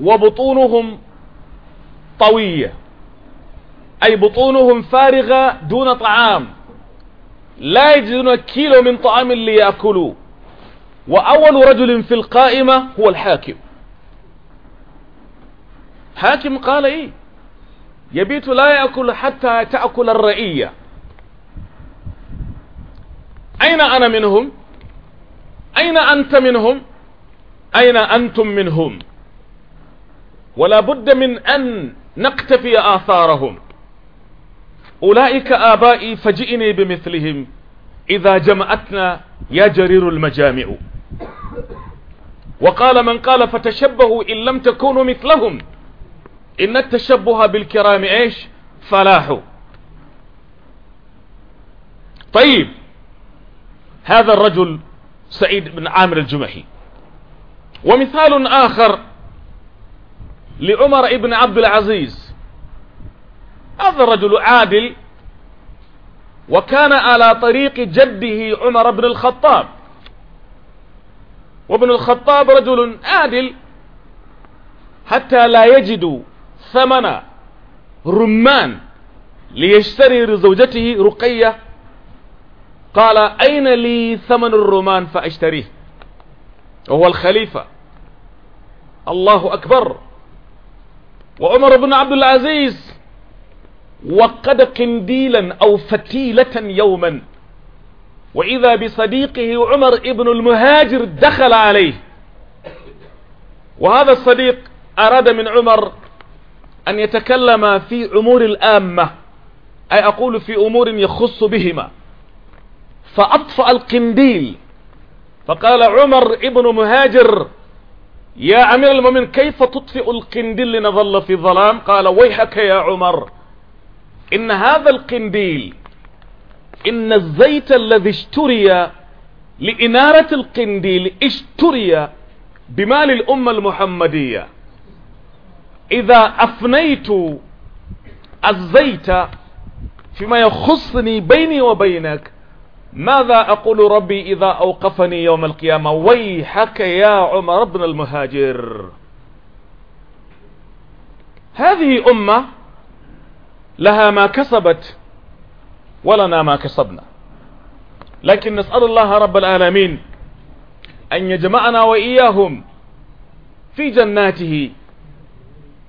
وبطونهم طوية أي بطونهم فارغة دون طعام لا يجدون كيلو من طعام ليأكلوا وأول رجل في القائمة هو الحاكم حاكم قال إيه يبيت لا يأكل حتى تأكل الرئية أين أنا منهم أين أنت منهم أين أنتم منهم ولا بد من أن نقتفي آثارهم أولئك آبائي فجئني بمثلهم إذا جمعتنا يا جرير المجامع وقال من قال فتشبهوا إن لم تكونوا مثلهم إن التشبه بالكرام إيش فلاح طيب هذا الرجل سعيد بن عامر الجمحي ومثال آخر لعمر ابن عبد العزيز هذا الرجل عادل وكان على طريق جده عمر بن الخطاب وابن الخطاب رجل عادل حتى لا يجد ثمن رمان ليشتري لزوجته رقية قال أين لي ثمن الرمان فأشتريه وهو الخليفة الله أكبر وعمر بن عبد العزيز وقد قنديلا أو فتيلة يوما وإذا بصديقه عمر ابن المهاجر دخل عليه وهذا الصديق أراد من عمر أن يتكلم في أمور الآمة أي أقول في أمور يخص بهما فأطفأ القنديل فقال عمر ابن مهاجر يا أمير المؤمنين كيف تطفئ القنديل لنظل في الظلام قال ويحك يا عمر إن هذا القنديل إن الزيت الذي اشتري لإنارة القنديل اشتري بمال الأمة المحمدية إذا أفنيت الزيت فيما يخصني بيني وبينك ماذا أقول ربي إذا أوقفني يوم القيامة ويحك يا عمر بن المهاجر هذه أمة لها ما كسبت ولنا ما كسبنا لكن نسأل الله رب العالمين أن يجمعنا وإياهم في جناته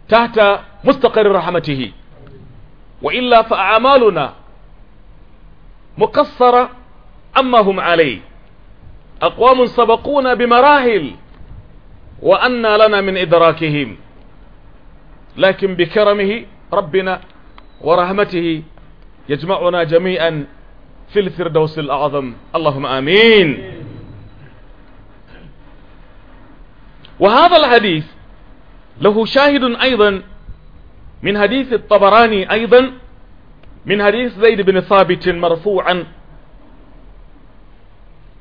تحت مستقر رحمته وإلا فأعمالنا مقصرة أما هم عليه أقوام سبقونا بمراحل وأنا لنا من إدراكهم لكن بكرمه ربنا ورحمته يجمعنا جميعا في الفردوس الأعظم اللهم آمين وهذا الحديث له شاهد أيضا من حديث الطبراني أيضا من حديث زيد بن ثابت مرفوعا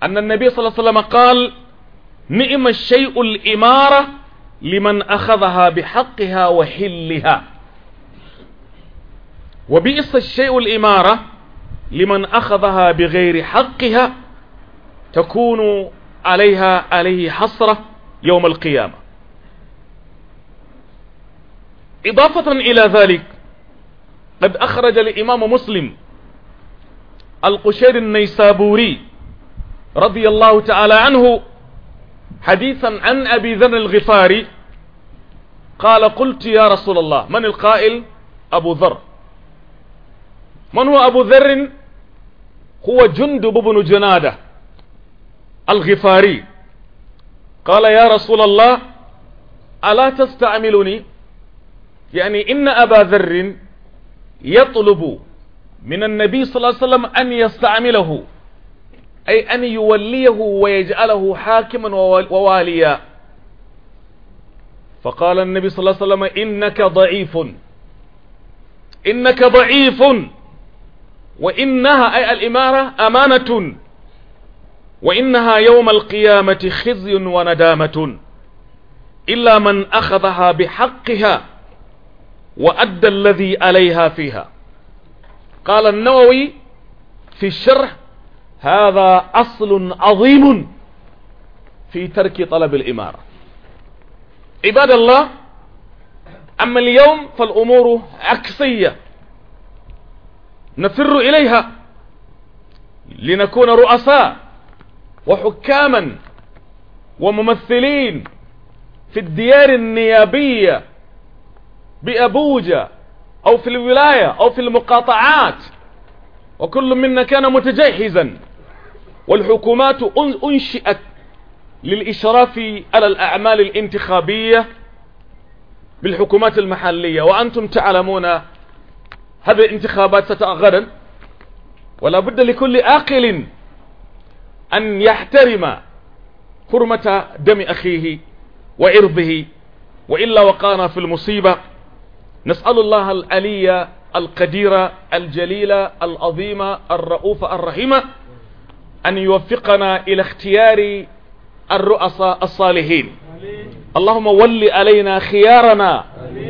أن النبي صلى الله عليه وسلم قال نئم الشيء الإمارة لمن أخذها بحقها وحلها وبئس الشيء الإمارة لمن أخذها بغير حقها تكون عليها عليه حسرة يوم القيامة إضافة إلى ذلك قد أخرج الإمام مسلم القشير النيسابوري رضي الله تعالى عنه حديثا عن أبي ذر الغفاري قال قلت يا رسول الله من القائل أبو ذر من هو أبو ذر هو جندب بن جنادة الغفاري قال يا رسول الله ألا تستعملني يعني إن أبا ذر يطلب من النبي صلى الله عليه وسلم أن يستعمله أي أن يوليه ويجعله حاكما وواليا فقال النبي صلى الله عليه وسلم إنك ضعيف إنك ضعيف وإنها أي الإمارة أمانة وإنها يوم القيامة خزي وندامة إلا من أخذها بحقها وأدى الذي عليها فيها قال النووي في الشرح هذا أصل عظيم في ترك طلب الإمارة عباد الله أما اليوم فالأمور عكسية نفر إليها لنكون رؤساء وحكاما وممثلين في الديار النيابية بأبوجة أو في الولاية أو في المقاطعات وكل منا كان متجهزا والحكومات أنشئت للإشراف على الأعمال الانتخابية بالحكومات المحلية وأنتم تعلمون هذه الانتخابات ستأ غدا ولا بد لكل عاقل أن يحترم حرمة دم أخيه وعرضه وإلا وقانا في المصيبة نسأل الله العلي القدير الجليل العظيم الرؤوف الرحيم أن يوفقنا إلى اختيار الرؤساء الصالحين اللهم ول علينا خيارنا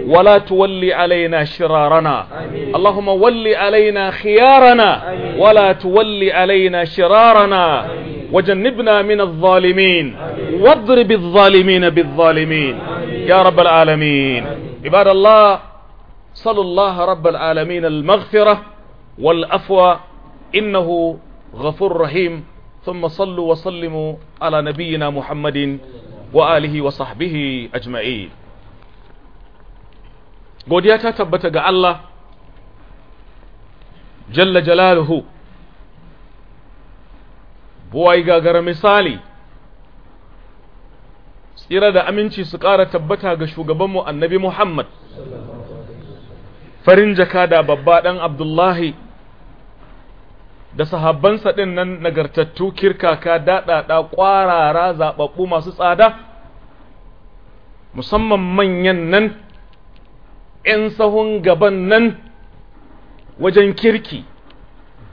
ولا تولي علينا شرارنا اللهم ول علينا خيارنا ولا تولي علينا شرارنا وجنبنا من الظالمين واضرب الظالمين بالظالمين يا رب العالمين عباد الله صلى الله رب العالمين المغفرة والأفوى إنه غفور رحيم ثم صلوا وسلموا على نبينا محمد وآله وصحبه أجمعين godiya ta tabbata ga Allah jalla jalaluhu buwai gagara misali tsira da aminci su ƙara tabbata ga shugabanmu annabi Muhammad farin jaka da babba ɗan Abdullahi da sahabbansa ɗin nan nagartattu kirkaka daɗaɗa ƙwarara zaɓaɓɓu masu tsada musamman manyan nan ‘yan sahun gaban nan wajen kirki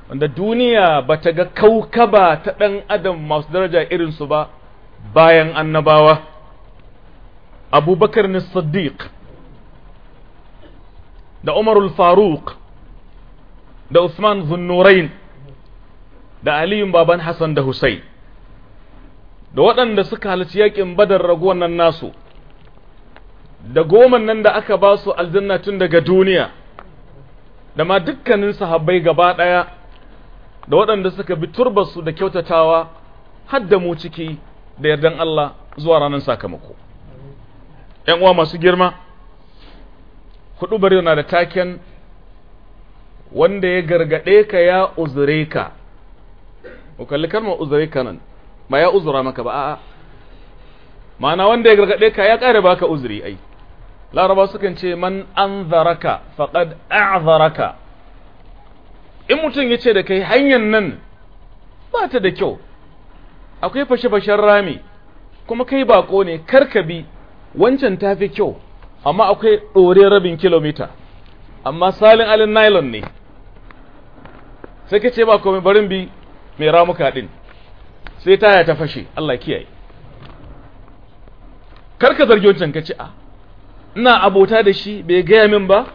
wanda duniya ba ta ga kaukaba ta ɗan adam masu daraja irinsu ba bayan annabawa abubakar na siddiq da umarul faruk da usman zunnurain da aliyun baban hassan da husai da waɗanda suka halici yakin badar raguwan nan nasu da goman nan da aka ba su aljanna tun daga duniya da ma dukkanin sahabbai gaba ɗaya da waɗanda suka bi turbarsu da kyautatawa har da mu ciki da yardan Allah zuwa ranar sakamako ‘yan uwa masu girma hudu bari na da taken wanda ya gargaɗe ka ya uzure ka ku kalli kalmar uzure kanan ba ya uzura maka ba a'a ma'ana wanda ya gargaɗe ka ya kare baka uzuri ai laraba sukan ce man anzaraka faqad a'zaraka in mutum ya ce da kai hanyar nan ba ta da kyau akwai fashe-fashen rami kuma kai bako ne karkabi wancan ta fi kyau amma akwai ɗore rabin kilomita amma salin alin nylon ne sai ka ce ba komai barin bi mai ramuka din sai taya ta fashe Allah kiyaye karka zargi wancan ka ce a ah, ina abota da shi bai gaya min ba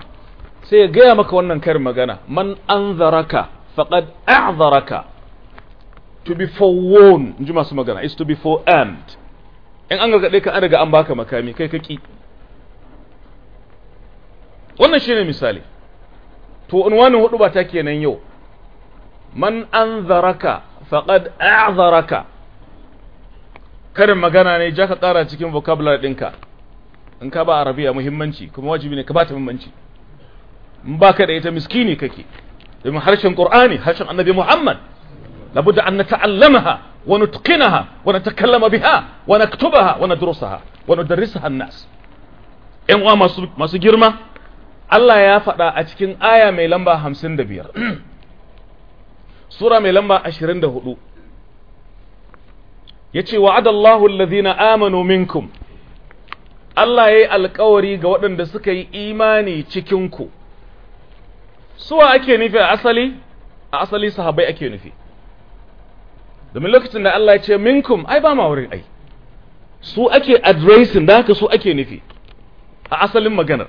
sai ya gaya maka wannan karin magana man anzaraka faqad a'zaraka to be forewarned in Inji masu magana is to be forearmed in an gargaɗe ka an riga an baka makami kai ka ƙi wannan shine misali to unwanin hudu ba ta kenan yau man anzaraka faqad a'zaraka karin magana ne ja ka ƙara cikin vocabulary ɗinka in ka ba arabiya muhimmanci kuma wajibi ne ka ba ta muhimmanci in ba ka da ita miskini kake domin harshen ƙur'ani harshen annabi muhammad labudda an nata'allamaha wa nutqinaha wa natakallama biha wa naktubaha wa nadrusaha wa nudarrisaha nas ƴan uwa masu masu girma Allah ya faɗa a cikin aya mai lamba 55 sura mai lamba 24 yace wa'adallahu allazina amanu minkum Allah yayi alƙawari ga waɗanda suka yi imani cikin ku suwa ake nufi a asali a asali sahabbai ake nufi domin lokacin da Allah ya ce minkum ai ba ma wurin ai su ake addressing da haka su ake nufi a asalin maganar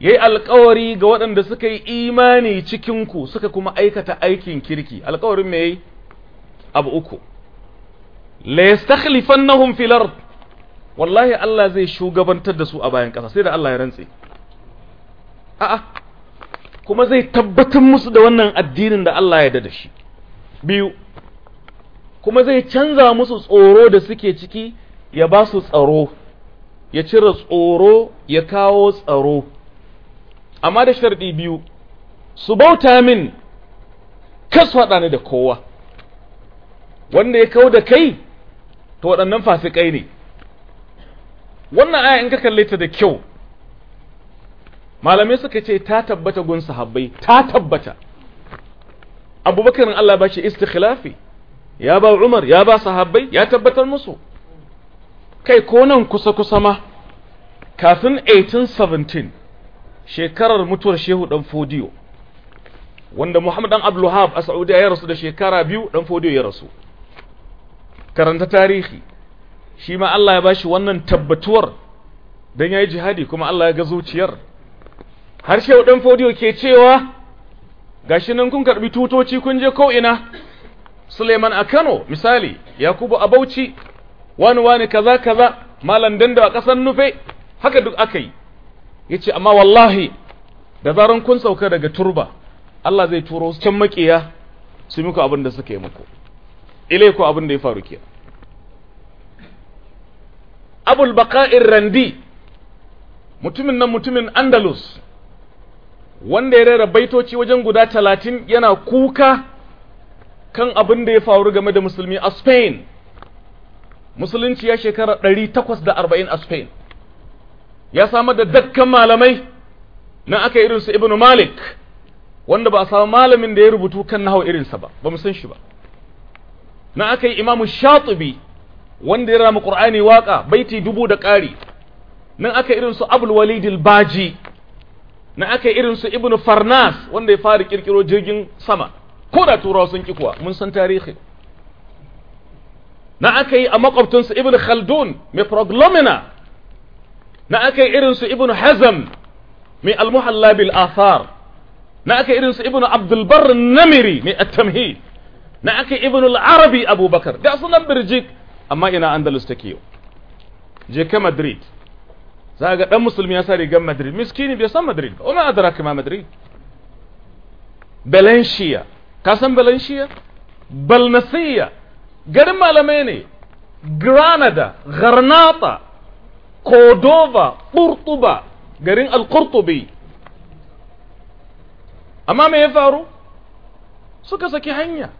yayi alkawari ga waɗanda suka yi imani cikin ku suka kuma aikata aikin kirki alkawarin me abu uku la yastakhlifannahum fil ard wallahi Allah zai shugabantar da su a bayan ƙasa sai da Allah ya rantse a'a kuma zai tabbatar musu da wannan addinin da Allah ya da shi biyu kuma zai canza musu tsoro da suke ciki ya ba su tsaro ya cire tsoro ya kawo tsaro amma da sharɗi biyu su bauta min kas faɗa ni da kowa wanda ya kawo da kai to waɗannan fasikai ne wannan aya in ka kalli ta da kyau malamai suka ce ta tabbata gun sahabbai ta tabbata abubakar Allah ba shi istikhlafi ya ba umar ya ba sahabbai ya tabbatar musu kai ko nan kusa kusa ma kafin 1817 shekarar mutuwar shehu dan fodiyo wanda muhammad dan abdulhab a saudiya ya rasu da shekara biyu dan fodiyo ya rasu karanta tarihi shi ma allah ya bashi wannan tabbatuwar dan ya yi jihadi kuma allah ya ga zuciyar har shehu dan fodiyo ke cewa gashi nan kun karbi tutoci kun je ina suleiman a kano misali yakubu a bauchi wani wani kaza kaza malam danda a ƙasar nufe haka duk aka yi yace amma wallahi da zaran kun sauka daga turba Allah zai turo su can makiya su muku abin da suka yi muku ilai ku abin da ya faru kiya abul baka'ir randi mutumin nan mutumin andalus wanda ya rera baitoci wajen guda talatin yana kuka kan abin da ya faru game da musulmi a spain musulunci ya shekara 840 a spain ya samar da dakkan malamai nan aka irin su ibnu malik wanda ba a samu malamin da ya rubutu kan nahau irinsa ba ba mu san shi ba nan aka yi imamu shatibi wanda ya rama qur'ani waka baiti dubu da ƙari nan aka irin su abul walid baji nan aka irin su ibnu farnas wanda ya fara kirkiro jirgin sama ko da turawa sun ki kuwa mun san tarihi na aka yi a makwabtansu ibn khaldun mai proglomina ما أكي إرنس ابن حزم من المحلى بالآثار ما أكي إرنس ابن عبد البر النمري من التمهيد ما أكي ابن العربي أبو بكر دي أصلا برجيك أما إنا عند الاستكيو جي كمدريد زاقة أم مسلم ياساري قم مدريد مسكيني بيصم مدريد وما أدراك ما مدريد بلنشيا كاسم بلنشيا بلنسيا قرم مالميني غرانادا غرناطه Kodova, Kurtuba, garin al kurtubi amma me ya faru suka saki hanya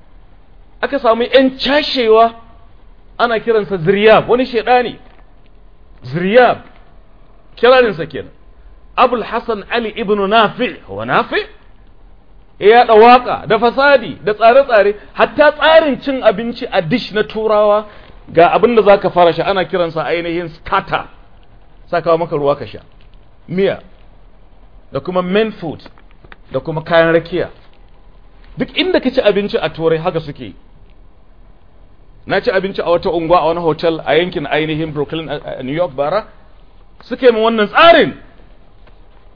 aka samu ‘yan cashewa ana kiransa ziryab wani shaidani ziryab kirarinsa kenan abul hassan ali ibn nafi wa nafi ya da waka da fasadi da tsare-tsare hatta tsarin cin abinci a dish na turawa ga abin da za ka fara shi ana kiransa ainihin scatter saka kawo maka ruwa ka sha miya da kuma main food da kuma kayan rakiya duk inda ka ci abinci a turai haka suke na ci abinci a wata unguwa a wani hotel a yankin ainihin brooklyn a new york bara suke min wannan tsarin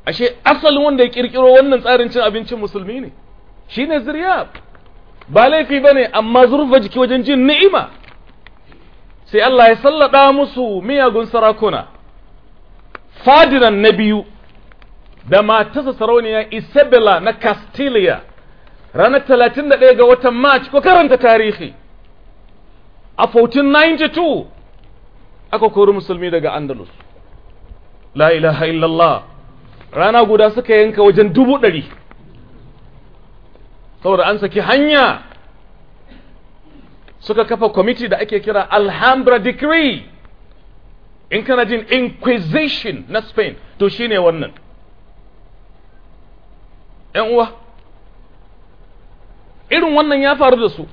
ashe asalin wanda ya kirkiro wannan tsarin cin abincin musulmi ne shine zirya ba laifi ba ne, amma zurfa jiki wajen jin ni'ima sai Allah ya sallada musu miyagun sarakuna fadiran na biyu da matarsa sarauniya isabella na castilia ranar ɗaya ga watan march ko karanta tarihi a 1492 aka kori musulmi daga andalus la ilaha illallah rana guda suka yanka wajen dubu ɗari saboda an saki hanya suka kafa kwamiti da ake kira alhambra decree in kana jin inquisition na spain to shine wannan ‘yan uwa irin wannan ya faru da su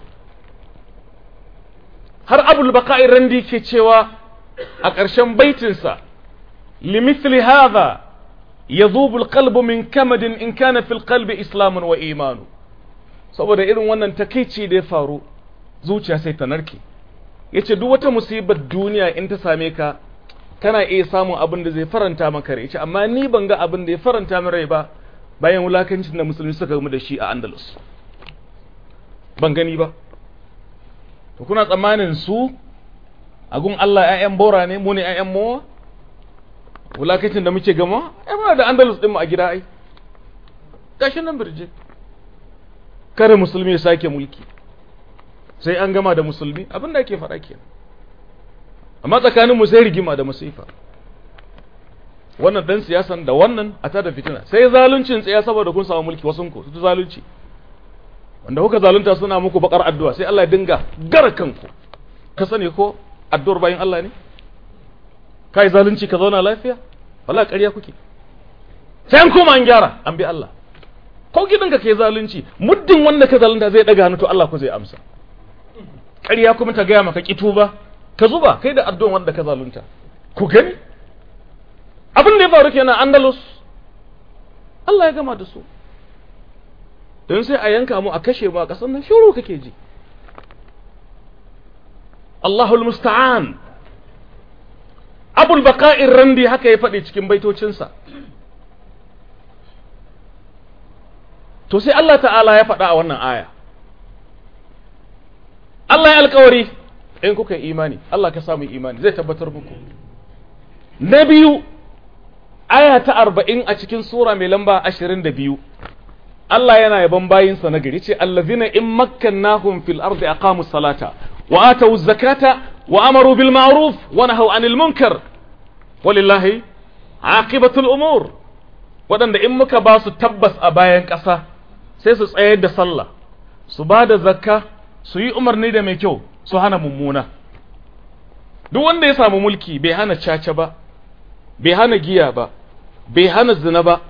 har abul baka'i randi ke cewa a ƙarshen baitinsa limithli hadha ya zubul kalbu min kamadin in kana fil kalbi islamun wa imanu saboda irin wannan takaici da ya faru zuciya sai ta narke ya ce duk wata musibar duniya in ta same ka kana iya samun abin da zai faranta maka rai amma ni ban ga abin da ya faranta min rai ba bayan wulakancin da musulmi suka gamu da shi a Andalus ban gani ba to kuna tsammanin su a gun Allah 'ya'yan bora ne mu ne ya'yan mowa wulakancin da muke gama ya muna da Andalus din mu a gida ai gashin nan birje kada musulmi ya sake mulki sai an gama da musulmi abin da ake faɗa kenan amma tsakanin mu sai rigima da masifa wannan dan siyasan da wannan a ta da fitina sai zaluncin tsaya saboda kun samu mulki wasun ku su zalunci wanda kuka zalunta suna muku bakar addu'a sai Allah ya dinga gara kanku ka sani ko addu'ar bayin Allah ne kai zalunci ka zauna lafiya wallahi ƙarya kuke sai an koma an gyara an bi Allah ko gidanka kai zalunci muddin wanda ka zalunta zai daga hannu to Allah ko zai amsa ƙarya kuma ta gaya maka kitu ba ka zuba kai da addu'an wanda ka zalunta ku gani abin da ya faru kenan andalus Allah ya gama da su don sai a yanka mu a kashe mu a ƙasar nan shiru kake ji Allahul musta'an abul baka'ir randi haka ya faɗi cikin baitocinsa to sai Allah ta'ala ya faɗa a wannan aya Allah ya alƙawari in kuka yi imani Allah ka samu imani zai tabbatar muku na biyu aya ta arba'in a cikin sura mai lamba ashirin da biyu Allah yana yaban bayinsa na gari ce allazina in makkannahum fil ardi aqamu salata wa atawu zakata wa amaru bil ma'ruf wa nahaw anil munkar walillahi aqibatul umur waɗanda in muka ba su tabbas a bayan ƙasa sai su tsayar da sallah su ba da zakka su yi umarni da mai kyau su hana mummuna duk wanda ya samu mulki bai hana caca ba bai hana giya ba bai hana zina ba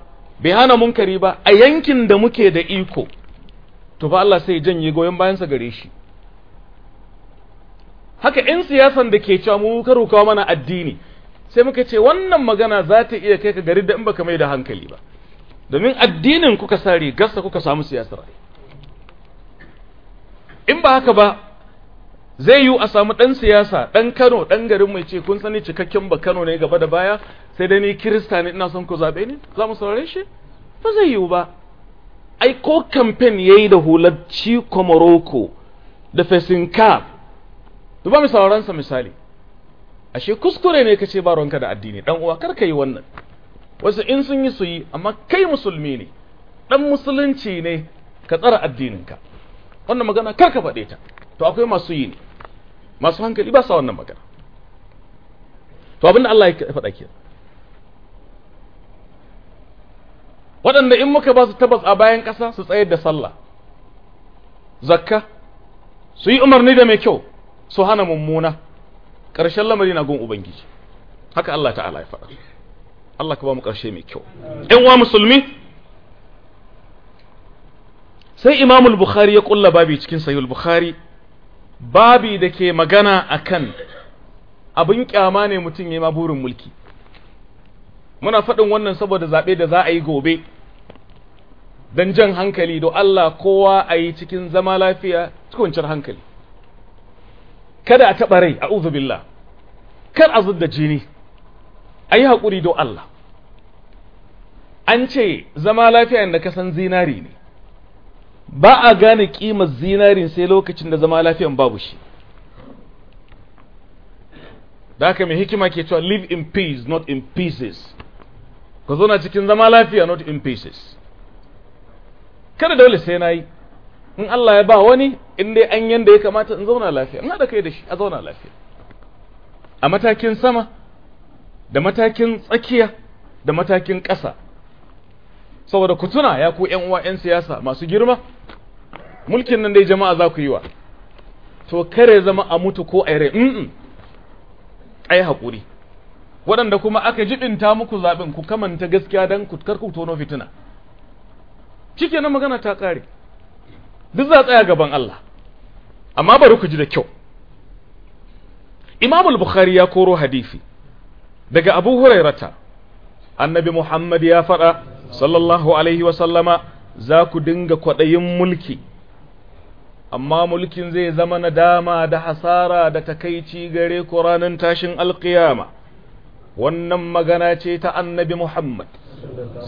bai hana munkari ba a yankin da muke da iko to ba Allah sai janye goyon bayansa gare shi haka in siyasan da ke cewa mu karo kawo mana addini sai muka ce wannan magana za ta iya kai ka gari da in baka mai da hankali ba domin addinin kuka sare gasa kuka samu siyasar in ba haka ba zai yiwu a samu ɗan siyasa ɗan kano ɗan garin mai ce kun sani cikakken ba kano ne gaba da baya sai dai ni kirista ne ina son ku zaɓe ni za mu saurare shi ba zai yiwu ba ai ko kamfen ya yi da hular ci morocco da fesin cap duba mu sauransa misali ashe kuskure ne ka ce ba ronka da addini ɗan uwa kar ka yi wannan wasu in sun yi su yi amma kai musulmi ne ɗan musulunci ne ka tsara addininka wannan magana kar ka faɗe ta to akwai masu yi ne masu hankali ba sa wannan magana to abinda Allah ya faɗa ke waɗanda in muka ba su tabbas a bayan ƙasa su tsayar da sallah zakka su yi umarni da mai kyau su hana mummuna ƙarshen lamari na gun ubangiji haka Allah ta'ala ya faɗa Allah ka ba mu ƙarshe mai kyau ɗan wa musulmi sai imamul bukhari ya ƙulla babi cikin sayul bukhari babi da ke magana a kan abin kyama ne mutum ya ma burin mulki muna faɗin wannan saboda zaɓe da za a yi gobe don jan hankali don Allah kowa a yi cikin zama lafiya cikin hankali kada a taɓa rai a uzubillah kar a zudda jini a yi haƙuri don Allah an ce zama lafiya da kasan zinari ne ba a gane kimar zinarin sai lokacin da zama lafiyan babu shi da aka mai hikima ke cewa live in peace not in pieces ka zo na cikin zama lafiya not in pieces kada dole sai na yi in Allah ya ba wani in dai an yanda ya kamata in zauna lafiya in haɗa kai da shi a zauna lafiya a matakin sama da matakin tsakiya da matakin ƙasa saboda kutuna ya ku 'yan uwa 'yan siyasa masu girma mulkin nan dai jama'a za ku yi wa to kare zama a mutu ko a yare mm ai hakuri. waɗanda kuma aka jibinta muku zaɓin ku kamanta gaskiya don ku karku tono fitina cike na magana ta ƙare duk za tsaya gaban Allah amma bari ku ji da kyau Imamul bukhari ya koro hadisi daga Abu Hurairata annabi Muhammad ya faɗa sallallahu alaihi wa sallama za ku dinga kwaɗayin mulki amma mulkin zai zama nadama da hasara da takaici gare ku ranar tashin alkiyama wannan magana ce ta annabi Muhammad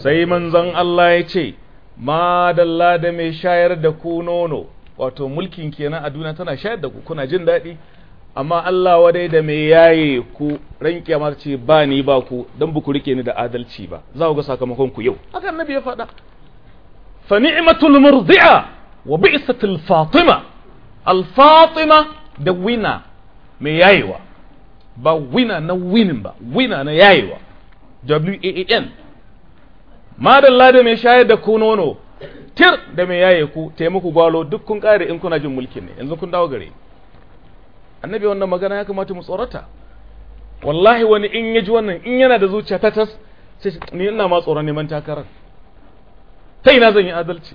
sai manzon Allah ya ce ma dalla da mai shayar da ku nono wato mulkin kenan a duniya tana shayar da ku kuna jin daɗi amma Allah wadai da mai yaye ku ran kyamar ce ba ni ba ku don buku rike ni da adalci ba za ku ga sakamakon ku yau haka annabi ya faɗa fa ni'matul murdi'a wa bi'satil fatima al fatima da wina mai yayewa ba wina na winin ba wina na yayewa w-a-a-n madalla da mai shayar da ku nono tir da mai yaye ku taimako gwalo duk kun kare in kuna jin mulkin ne yanzu kun dawo gare annabi wannan magana ya kamata mu tsorata wallahi wani in ya ji wannan in yana da zuciya ta tas sai ni ina ma tsoron neman takarar ta ina zan yi adalci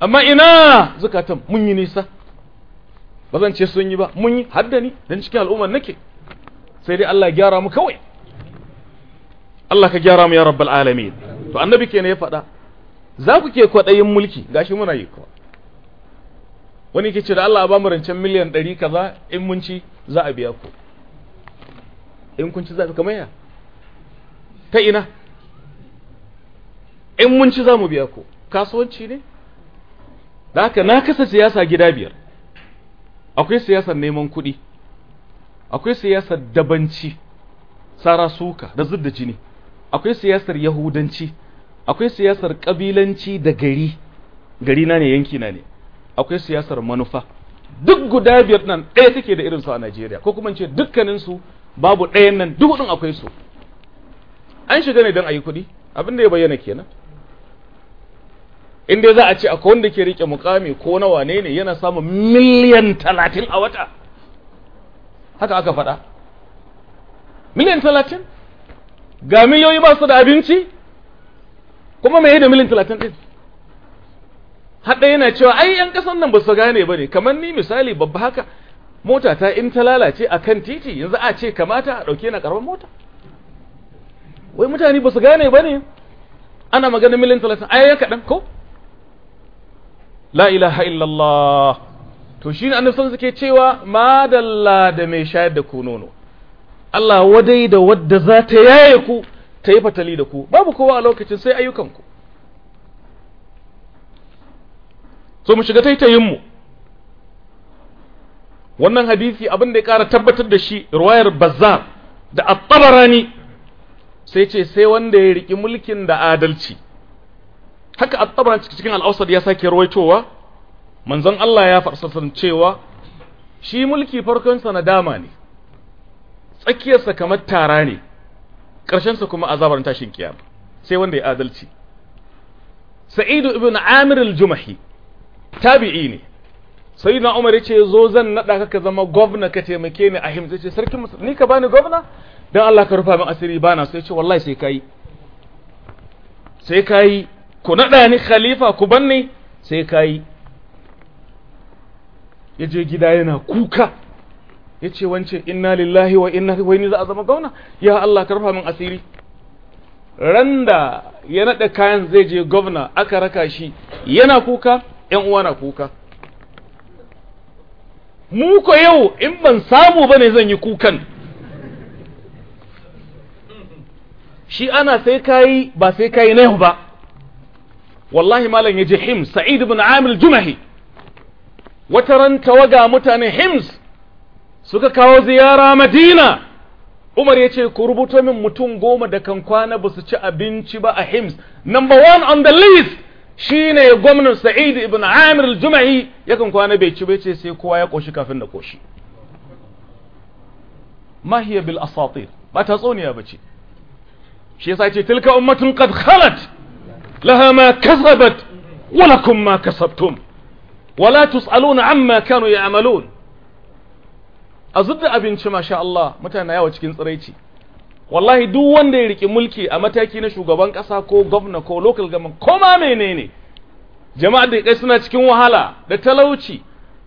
amma ina zukatan mun yi nisa ba zan ce sun yi ba mun yi haddani don cikin al'ummar nake sai dai Allah gyara mu kawai Allah ka gyara mu ya rabbal alamin to annabi kenan ya faɗa za ku ke kwaɗayin mulki gashi muna yi kuwa wani ke ce da Allah ba mu rancen miliyan ɗari kaza in mun ci za a biya ku in kun ci za kamar ya ta ina in mun ci za mu biya ku kasuwanci ne da haka na kasa siyasa gida biyar akwai siyasar neman kuɗi akwai siyasar dabanci sara suka da zub da jini akwai siyasar yahudanci akwai siyasar ƙabilanci da gari gari na ne yanki na ne akwai siyasar manufa duk guda biyar nan ɗaya take da irinsu a Najeriya ko kuma ce dukkaninsu babu ɗayan nan duk hudun akwai su an shiga ne don a yi kuɗi abin da ya bayyana kenan in dai za a ce akwai wanda ke rike mukami ko na wane ne yana samun miliyan talatin a wata haka aka faɗa miliyan talatin ga miliyoyi ba su da abinci kuma mai da miliyan talatin ɗin haɗa yana cewa ai 'yan ƙasan nan ba su gane ba ne kamar ni misali babba haka mota ta in ta lalace a kan titi yanzu a ce kamata a ɗauke na ƙarfin mota wai mutane ba su gane ba ne ana maganin miliyan talatin ai ya kaɗan ko la ilaha illallah to shi ne annabi suke cewa madalla da mai shayar da ku nono Allah wadai da wadda za ta yaye ku ta yi fatali da ku babu kowa a lokacin sai ayyukanku so mu shiga mu wannan hadisi abin da ya ƙara tabbatar da shi ruwayar bazzar da at sai ce sai wanda ya riki mulkin da adalci haka at tabaran cikin al-awsad ya sake rawaitowa manzon Allah ya farsasan cewa shi mulki farkon sa dama ne tsakiyar sa kamar tara ne karshen sa kuma azabar tashin kiyama sai wanda ya adalci Sa'idu ibn Amir al-Jumahi tabi'i ne sai na umar yace zo zan nada ka ka zama gwamna ka taimake ni a himza yace sarkin ni ka bani gwamna dan Allah ka rufa min asiri bana sai ce wallahi sai kai sai kai ku naɗa ni khalifa ku banni sai ka yi ya gida yana kuka ya ce wance inna lillahi wa inna wani za a zama gauna ya Allah karfa min asiri randa ya naɗa kayan zai je gwamna aka raka shi yana kuka ‘yan uwa na kuka mu ko yau in ban samu ba ne zan yi kukan shi ana sai kayi ba sai kayi na ba wallahi malam ya ji hims sa'id ibn amir jumahi wata ran tawaga mutane hims suka kawo ziyara madina umar ya ce ku rubuto min mutum goma da kan kwana ba su ci abinci ba a hims number one on the list shine gwamnan sa'id ibn amir jumahi ya kan kwana bai ci bai ce sai kowa ya koshi kafin da koshi ma bil asatir ba ta tsoniya bace shi yasa ce tilka ummatin qad khalat لها ما كسبت ولكم ما كسبتم ولا تسألون عما كانوا يعملون أزد أبنش ما شاء الله متى yawa cikin tsiraici wallahi duk wanda ya riki mulki a mataki na shugaban kasa ko gwamna ko local government ko ma menene Jama'a da kai suna cikin wahala da talauci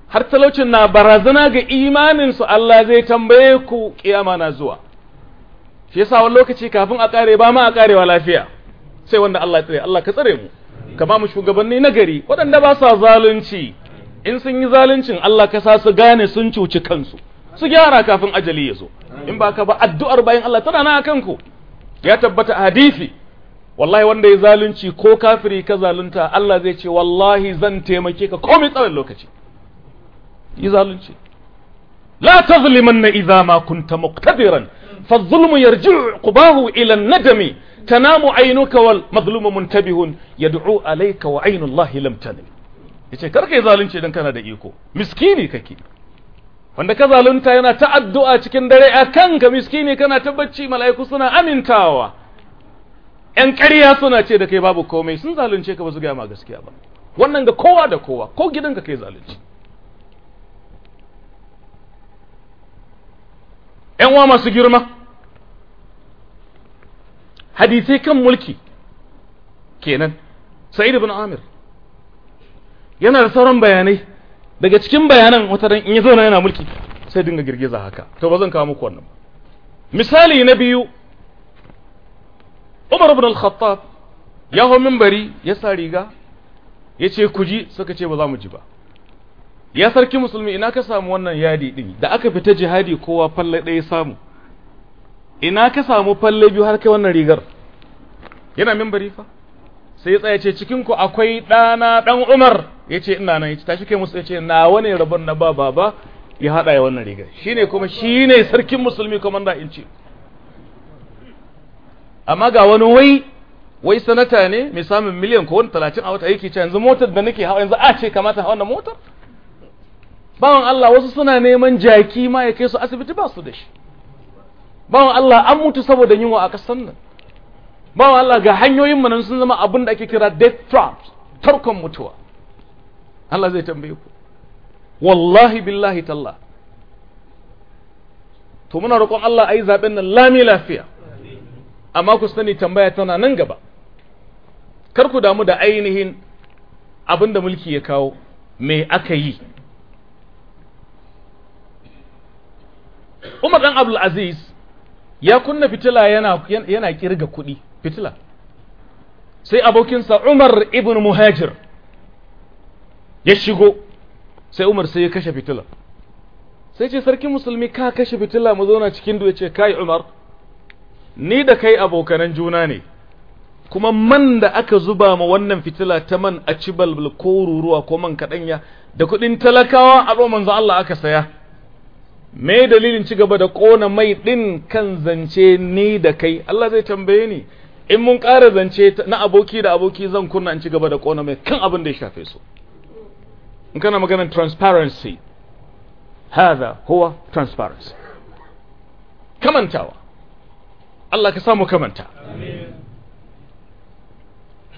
har talaucin na barazana ga imanin su Allah zai tambaye ku kiyama na zuwa shi yasa wani lokaci kafin a kare ba ma a karewa lafiya sai wanda Allah ya tsare Allah ka tsare mu ka mu shugabanni na gari waɗanda ba sa zalunci in sun yi zaluncin Allah ka sa su gane sun cuci kansu su gyara kafin ajali ya zo in ba ka ba addu'ar bayan Allah tana na kanku ya tabbata a hadisi wallahi wanda ya zalunci ko kafiri ka zalunta Allah zai ce wallahi zan taimake ka komai tsawon lokaci yi zalunci la tazlimanna idza ma kunta muqtadiran فالظلم يرجع قباه إلى الندم تنام عينك والمظلوم منتبه يدعو عليك وعين الله لم تنم yace ka yi zalunci idan kana da iko miskini kake wanda ka zalunta yana ta addu'a cikin dare a kanka miskini kana ta bacci mala'iku suna amintawa ‘yan ƙarya suna ce da kai babu komai sun zalunce ka ba su gaya ma gaskiya ba wannan ga kowa da kowa ko gidanka kai zalunci ‘yan uwa masu girma hadisai kan mulki kenan sa'id ibn amir yana da sauran bayanai daga cikin bayanan wata dan in ya zauna yana mulki sai dinga girgiza haka to ba zan kawo muku wannan misali na biyu Umar ibn al-Khattab ya hau minbari ya sa riga ya ce ku ji suka ce ba za mu ji ba ya sarki musulmi ina ka samu wannan yadi din da aka fita jihadi kowa falle ɗaya samu ina ka samu falle biyu har kai wannan rigar yana min bari fa sai ya tsaya ce cikin ku akwai ɗana ɗan Umar yace ina nan yace tashi kai musu yace na wani rabon na ba baba ya hada ya wannan rigar shine kuma shine sarkin musulmi komanda in ce amma ga wani wai wai sanata ne mai samun miliyan ko wani talatin a wata yake ce yanzu motar da nake hawa yanzu a ce kamata hawa wannan motar bawan Allah wasu suna neman jaki ma ya kai su asibiti ba su da shi bawan Allah an mutu saboda yunwa a kasan nan bawan Allah ga hanyoyin nan sun zama abin da ake kira death traps tarkon mutuwa Allah zai tambaye ku wallahi billahi talla to muna roƙon Allah ayi zaben nan lami lafiya amma ku sani tambaya tana nan gaba kar ku damu da ainihin abin da mulki ya kawo me aka yi Umar dan Abdul Aziz ya kunna fitila yana yana kirga kuɗi fitila sai abokinsa Umar ibn Muhajir ya shigo sai Umar sai ya kashe fitila sai ce sarki musulmi ka kashe fitila mu zauna cikin duwa ce kai Umar ni da kai abokanan juna ne kuma man da aka zuba ma wannan fitila ta man a cibalbal ko ruruwa ko man kaɗanya da kuɗin talakawa a manzo za Allah aka saya me dalilin ci gaba da kona mai din kan zance ni da kai Allah zai tambaye ni in mun ƙara zance na aboki da aboki zan kunna in ci gaba da kona mai kan abin da ya shafe su in kana maganar transparency hadha huwa transparency kamantawa Allah ka samu kamanta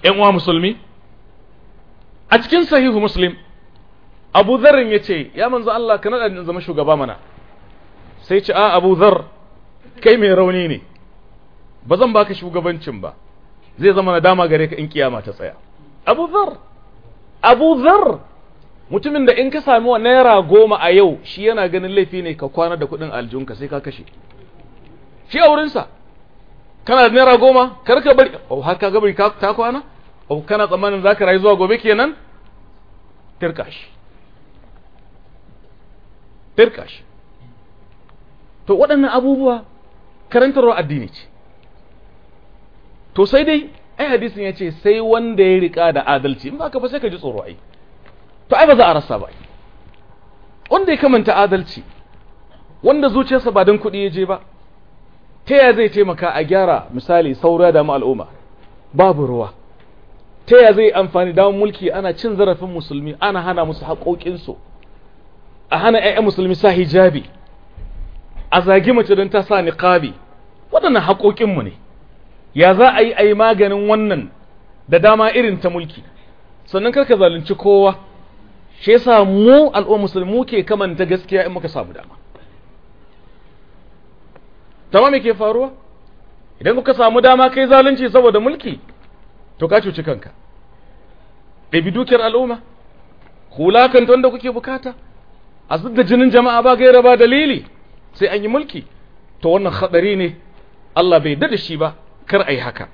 ‘yan uwa musulmi a cikin sahihu muslim abu zarin ya ce ya manzo Allah ka naɗa zama shugaba mana sai ce a abu zar kai mai rauni ne ba zan baka shugabancin ba zai zama na dama gare ka in kiyama ta tsaya abu zar abu zar mutumin da in ka sami wa naira goma a yau shi yana ganin laifi ne ka kwana da kudin aljunka sai ka kashe shi a wurinsa kana da naira goma kar ka bari oh har ka gabari ta kwana oh kana tsammanin za ka rayu zuwa gobe kenan tirka shi tirka shi to waɗannan abubuwa karantar ruwa addini ce to sai dai ai hadisin ya ce sai wanda ya rika da adalci in ba ka sai ka ji tsoro ai to ai ba za a rasa ba wanda ya kamanta adalci wanda zuciyarsa ba don kuɗi ya je ba ta yaya zai taimaka a gyara misali saura da mu al'umma babu ruwa ta yaya zai amfani da mulki ana cin zarafin musulmi ana hana musu haƙoƙinsu a hana 'ya'yan musulmi sa hijabi a zagi mace don ta sa niqabi waɗannan haƙoƙinmu ne ya za a yi a yi maganin wannan da dama irin ta mulki sannan karka zalunci kowa shi yasa mu al'uwa musulmi ke kamanta gaskiya in muka samu dama tama me ke faruwa idan kuka samu dama kai zalunci saboda mulki to ka cuci kanka ɗabi dukiyar al'umma hulakanta wanda kuke bukata a da jinin jama'a ba gaira ba dalili sai an yi mulki to wannan hadari ne Allah bai da shi ba kar ai haka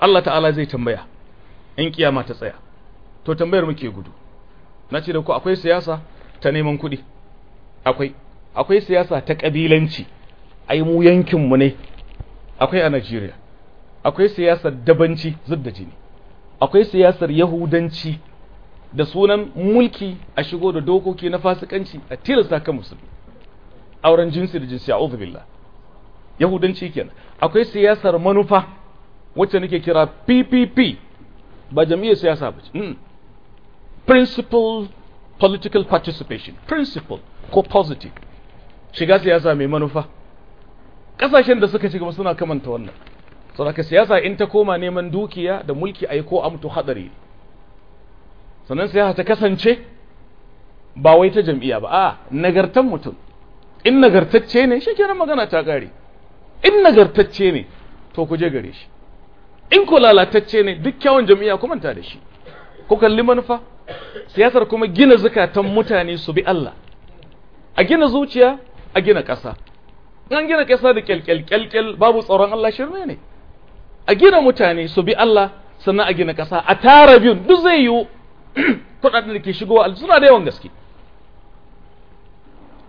Allah ta'ala zai tambaya in kiyama ta tsaya to tambayar muke gudu na ce da ku akwai siyasa ta neman kuɗi akwai akwai siyasa ta kabilanci ai mu yankin ne akwai a Najeriya akwai siyasar dabanci zudda jini akwai siyasar yahudanci da sunan mulki a shigo da dokoki na fasikanci a tilasta kan musulmi auren jinsi da jinsi a'udhu billah yahudanci kenan akwai siyasar manufa wacce nake kira PPP ba jami'a siyasa ba mm. principle political participation principal ko positive shiga siyasa mai manufa kasashen da suka shiga suna kamanta wannan saboda siyasa in ta koma neman dukiya da mulki ai ko amtu hadari sannan siyasa ta kasance ba wai ta jam'iyya ba a nagartan mutum in nagartacce ne kenan magana ta kare in nagartacce ne to ku je gare shi in ku lalatacce ne duk kyawun jami'a ku manta da shi ku kalli manufa siyasar kuma gina zakatan mutane su bi Allah a gina zuciya a gina ƙasa an gina ƙasa da kyalkyal babu tsoron Allah shirme ne a gina mutane su bi Allah sannan a gina ƙasa a tara biyun duk zai yiwu kuɗaɗen da ke shigowa suna da yawan gaske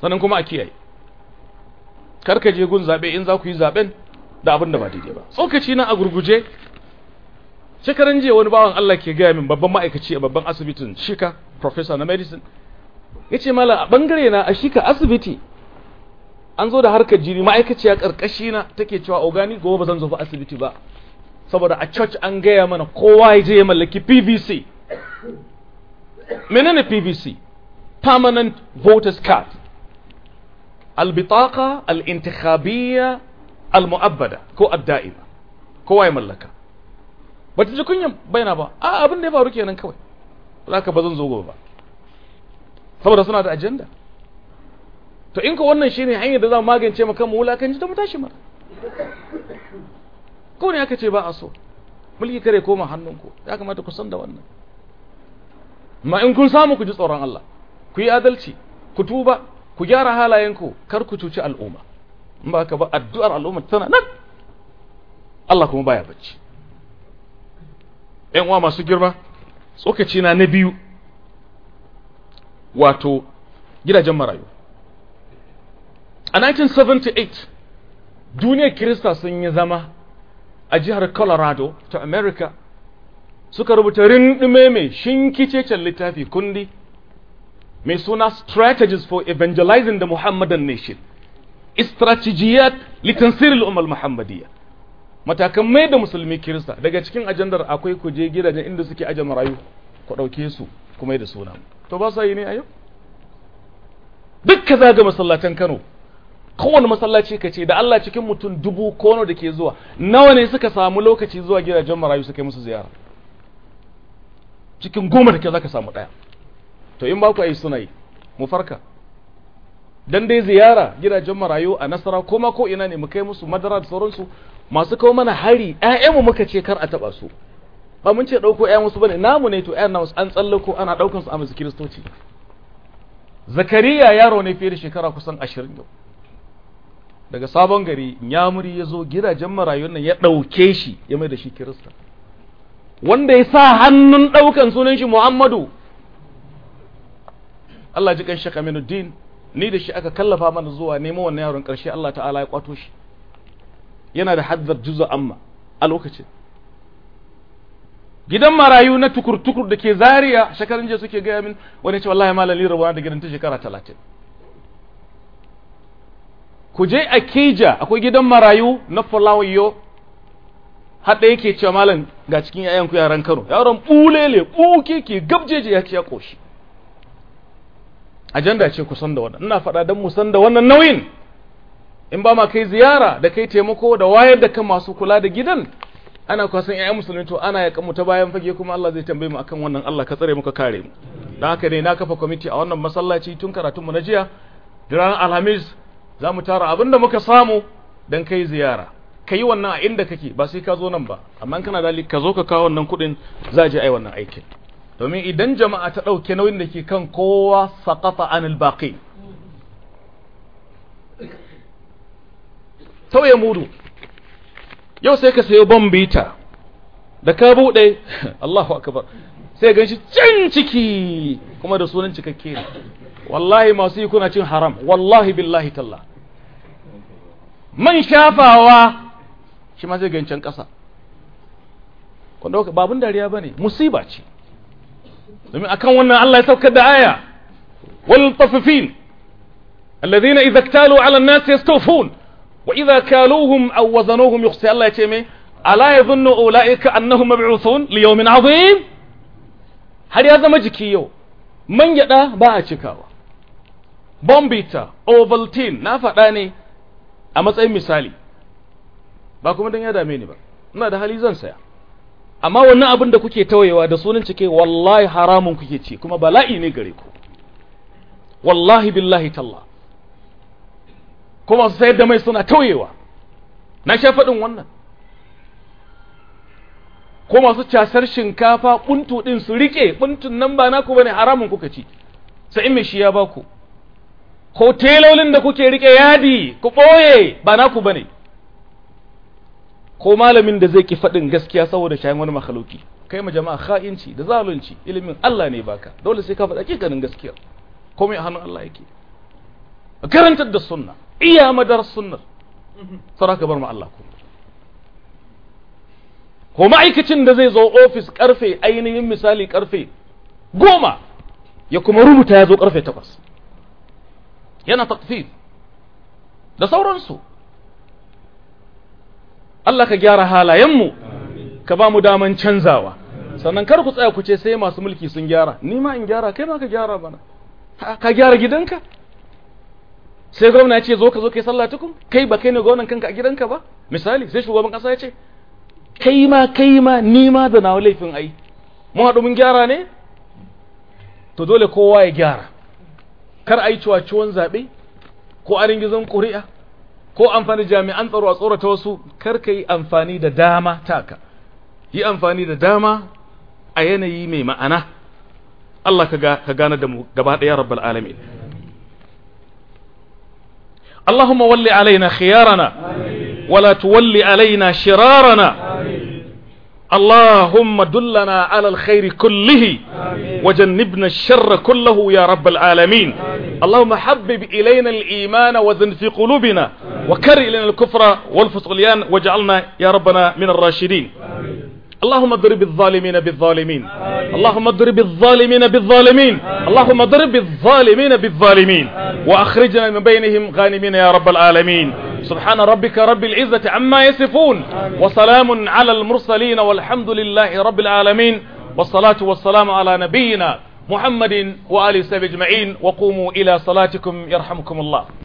sannan kuma a kiyaye karka je gun zaɓe in za ku yi zaɓen da abin da ba daidai ba tsokaci na a gurguje shekaran jiya wani bawan Allah ke gaya min babban ma'aikaci a babban asibitin shika professor na medicine ya ce mala a bangare na a shika asibiti an zo da harkar jini ma'aikaciya karkashi na take cewa ogani gobe ba zan zo fa asibiti ba saboda a church an gaya mana kowa ya je ya mallaki pvc menene pvc permanent voters card البطاقة الانتخابية المؤبدة كو الدائمة كو واي ملكا بتجي كنيا بينا با آه أبن نبارو كيانا كوي لك بزن زوغو با saboda suna da ajanda to in ko wannan shine hanyar da za mu magance maka mu wulakanci ta mu tashi mara ko ne aka ce ba a so mulki kare koma hannunku ya kamata ku san da wannan ma in kun samu ku ji tsoron Allah ku yi adalci ku tuba ku gyara halayenku kar ku cuci al'umma in ba ka ba addu'ar al'umma tana nan Allah kuma baya bacci ƴan uwa masu girma tsokaci na na biyu wato gidajen marayu a 1978 duniyar kirista sun yi zama a jihar colorado ta america suka rubuta rindume mai shinkicecen littafi kundi mai suna strategies for evangelizing the Muhammadan nation istratijiyat litansiril umar muhammadiyya matakan mai da musulmi kirista daga cikin ajandar akwai ku gidajen inda suke aje marayu ku ɗauke su kuma da suna to ba sa yi ne a yau dukka zaga masallatan Kano kowane masallaci ka ce da Allah cikin mutum dubu kono da ke zuwa nawa ne suka samu lokaci zuwa gidajen marayu suka yi musu ziyara cikin goma da ke za ka samu ɗaya to in ba ku yi suna mu farka dan dai ziyara gidajen marayu a nasara kuma ko ina ne mu kai musu madara da sauransu masu kawo mana hari ƴaƴanmu muka ce kar a taba su ba mun ce dauko ƴaƴan wasu bane namu ne to ƴaƴan namu an tsallako ana daukan su a musu kiristoci zakariya yaro ne fiye da shekara kusan 20 yau daga sabon gari nyamuri ya zo gidajen marayun nan ya ɗauke shi ya mai da shi kirista wanda ya sa hannun ɗaukan sunan shi Muhammadu Allah ji kan Sheikh Aminuddin ni da shi aka kallafa mana zuwa nemo wannan yaron karshe Allah ta'ala ya kwato shi yana da haddar juzu amma a lokacin gidan marayu na tukur-tukur da ke zariya shekarun jiya suke gaya min wani ce wallahi malam lira wani da gidan ta shekara talatin ku je a keja akwai gidan marayu na fulawiyo haɗa yake cewa malam ga cikin yayan ku yaran kano yaron bulele buke ke gabjeje ya ce ya ƙoshi ajanda ce kusan da wannan ina faɗa don mu da wannan nauyin in ba ma kai ziyara da kai taimako da wayar da kan masu kula da gidan ana kwasan 'ya'yan musulmi to ana ya mu ta bayan fage kuma Allah zai tambaye mu akan wannan Allah ka tsare mu ka kare mu dan haka ne na kafa kwamiti a wannan masallaci tun karatun mu na jiya da ranar Alhamis za mu tara abinda muka samu dan kai ziyara kai wannan a inda kake ba sai ka zo nan ba amma kana da ka zo ka kawo wannan kuɗin za a je ai wannan aikin domin idan jama'a ta ɗauke nauyin da ke kan kowa saƙafa an baƙi sauye mudu yau sai ka sayo bambita da ka buɗe Allahu akbar sai gan shi can ciki kuma da sunan cikakke ne wallahi masu yi kuna cin haram wallahi billahi talla man shafawa shi ma zai gancen ƙasa ba abin dariya ba ne musiba ce أكون wannan Allah الدعاية saukar والمطففين الذين إذا اكتالوا على الناس يستوفون وإذا كالوهم أو وزنوهم يخسي الله يتيمي ألا يظن أولئك أنهم مبعوثون ليوم عظيم هل هذا مجكيو من يدى باع شكاوة بومبيتا أوفلتين نافقاني أمس أي مثالي باكم أن يدى ميني بر هل يزن زنسيا amma wannan abin da kuke tawayewa da sunan cike wallahi haramun kuke ci kuma bala'i ne gare ku wallahi billahi talla kuma su sayar da mai suna tawayewa na sha faɗin wannan ko masu casar shinkafa ɓuntu ɗin su riƙe ɓuntun nan ba naku bane haramun kuka ci sai mai shi ya baku ko telolin da kuke riƙe yadi ku ɓoye ba naku bane ko malamin da zai ki faɗin gaskiya saboda shayin wani makhaluki kai ma jama'a kha'inci da zalunci ilimin Allah ne baka dole sai ka faɗa hakikanin gaskiya komai a hannun Allah yake karantar da sunna iya madar sunnar saraka bar ma Allah ku ko ma'aikacin da zai zo ofis karfe ainihin misali karfe goma ya kuma rubuta ya zo karfe takwas yana takfif da sauransu Allah ka gyara halayenmu ka ba mu daman canzawa sannan kar ku tsaya ku ce sai masu mulki sun gyara ni ma in gyara kai ma ka gyara bana ka gyara gidanka sai gwamna ya ce zo ka zo kai sallah tukun kai ba kai ne gwamnan kanka a gidanka ba misali sai shugaban kasa ya ce kai ma kai ma ni ma da nawa laifin ai mu haɗu mun gyara ne to dole kowa ya gyara kar a yi ciwon zaɓe ko aringizon ƙuri'a ko amfani jami'an tsaro a tsorata wasu karka yi amfani da dama taka yi amfani da dama a yanayi mai ma'ana Allah ka gane da mu gaba ɗaya rabbal alamin Allahumma walli alaina khiyarana wala tuwalli alaina shirarana اللهم دلنا على الخير كله وجنبنا الشر كله يا رب العالمين اللهم حبب إلينا الإيمان وزن في قلوبنا وكر إلينا الكفر والفصليان واجعلنا يا ربنا من الراشدين اللهم اضرب الظالمين بالظالمين اللهم اضرب الظالمين بالظالمين اللهم اضرب الظالمين بالظالمين واخرجنا من بينهم غانمين يا رب العالمين سبحان ربك رب العزة عما يصفون وسلام على المرسلين والحمد لله رب العالمين والصلاة والسلام على نبينا محمد وآل سبيل اجمعين وقوموا إلى صلاتكم يرحمكم الله